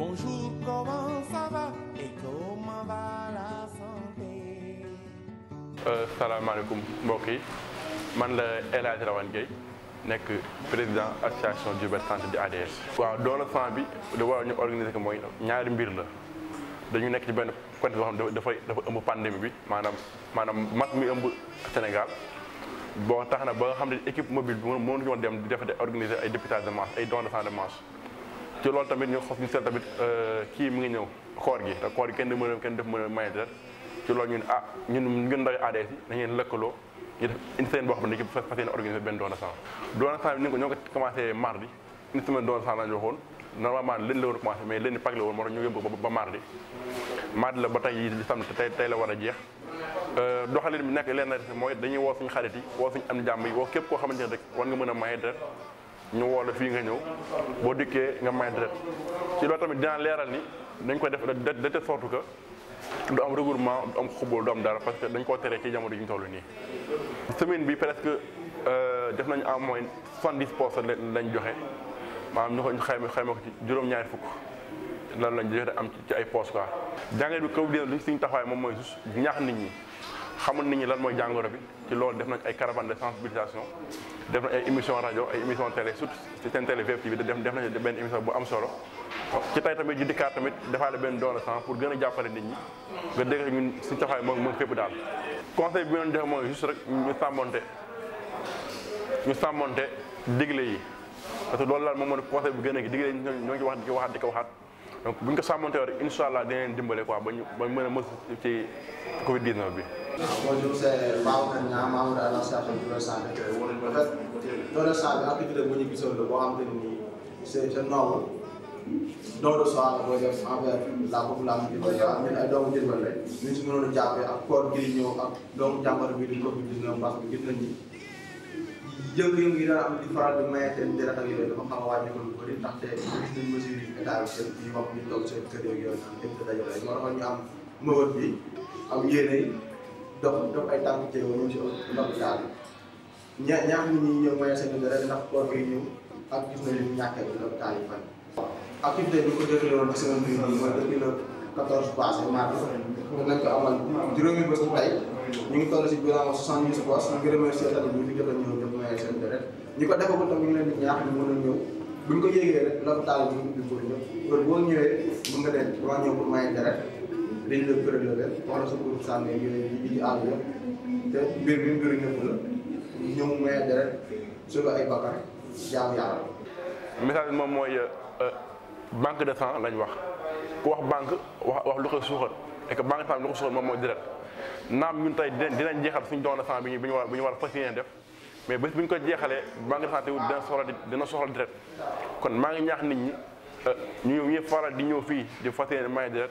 Bonjour, comment ça va euh, mbokk yi man la El Hadj Rawane nekk président association Diourbel Santé di ADS. waaw doole sang bi li war ñu organiser ko mooy ñaari mbir la dañu nekk ci benn côté boo xam ne dafay dafa ëmb pandémie bi maanaam maanaam mag mi ëmb Sénégal. boo tax na ba xam ne équipe mobile bi mënuñu woon dem di def organiser ay dépistage de masse ay dons de sang de masse. ci loolu tamit ñu xof ñu seet tamit euh, kii mu ngi ñëw koor gi te koor gi kenn du mën kenn def mën a maye deret ci loolu ñun ah ñun ñun ndaw ADS yi dañu leen lëkkaloo ñu def une semaine boo xam ne dañu ko fas yéene organisé benn don de sang don de sang bi mardi une la war a commencé mais lundi Pâques la woon moo tax ñu yóbbu ba mardi mardi la ba tey li sam tey tey la war a jeex euh, doxalin bi nekk leen na mooy dañuy woo suñu xarit yi woo suñu am jàmm yi woo képp koo xamante ne rek war nga mën a maye ñu woo la fii nga ñëw boo dikkee nga may deret ci loolu tamit dinaa leeral ni dañ ko def de telle sorte que du am regroupement du am xubóol du am dara parce que dañ koo teree ci jamono ñu toll nii. semaine bi presque euh, def nañu en moyenne soixante-dix pour cent lañ joxe ñu ko xayma xayma ko ci juróom-ñaari fukk. lan lañ joxe am ci ay poste quoi jàngat bi kaw dina li suñu taxawaay moom mooy juste ñaax nit ñi xamul nit ñi lan mooy jàngoro bi ci loolu def nañ ay caravane de sensibilisation def nañ ay émission rajo ay émission télé surtout ci seen télé VFtv def def nañ benn émission bu am tamit ñu dikkaat tamit defaale benn don de sang a jàppale nit ñi nga dégg ñun suñ taxawaay moom moom daal conseil bi ngeen joxe mooy juste rek ñu sàmmonte ñu sàmmonte digle yi parce que loolu daal moom mooy conseil bu gën a gi digle ñoo ngi wax di ko waxaat di ko waxaat donc bu ñu ko sàmmonte war incha allah dina leen dimbale quoi ba ñu ba mën a mës ci Covid 19 bi Bonjour, c'est Baouna Niam, membre à l'association de Sabe. En fait, Dora Sabe, article de Mouni Bissot, le Boam Denis, c'est un homme don de soir booy def envers la population di Djilbel ñun di Covid 19 mbas bi gis nañ ni yëngu-yëngu yi daan am di faral di maye seen deret ak yooyu dafa xaw a wàññi ko lu bëri ndaxte gis nañ mesure yi état bi seen yi wax ñu toog seen kër am mëbët dox dox ay tànk jéego ñu ngi si ndox daal ña ñaax nit ñi ñëw moyen seen dara ndax koor gi ñëw ak gis nañu ñu ñàkkee bi lopitaan yi fan. activité bi ko déroulé woon ci semaine bii nii mooy depuis le 14 passé mardi dinañ ko amal juróomi bés bu tey ñu ngi toll si bilan 70 supports ñu ngi remercier tamit ñu fi jot a ñëw jot moyen seen dara ñi ko defagul tam ñu ngi leen di ñaax ñu mën a ñëw bu ñu ko yéegee rek lopitaan yi ñu ngi ubbi pour ñëpp loolu boo ñëwee mën nga dem dama ñëw pour maye dara dañ la sa groupe sànni yooyu yi ñu ay bakkan moom mooy euh, euh, banque de sang lañ wax ku wax banque wax wax lu koy suuxal et que banque de sang lu ko suuxal moom mooy deret naam ñu tey dinañ dinañ jeexal suñu don de sang bi ñu bi ñu war bi ñu war a fas yéene def. mais bés bu ko jeexalee banque de santé dina soxla dina soxla deret kon maa ngi ñaax nit ñi euh, ñu ñëw faral di ñëw fii di fas yéene maye deret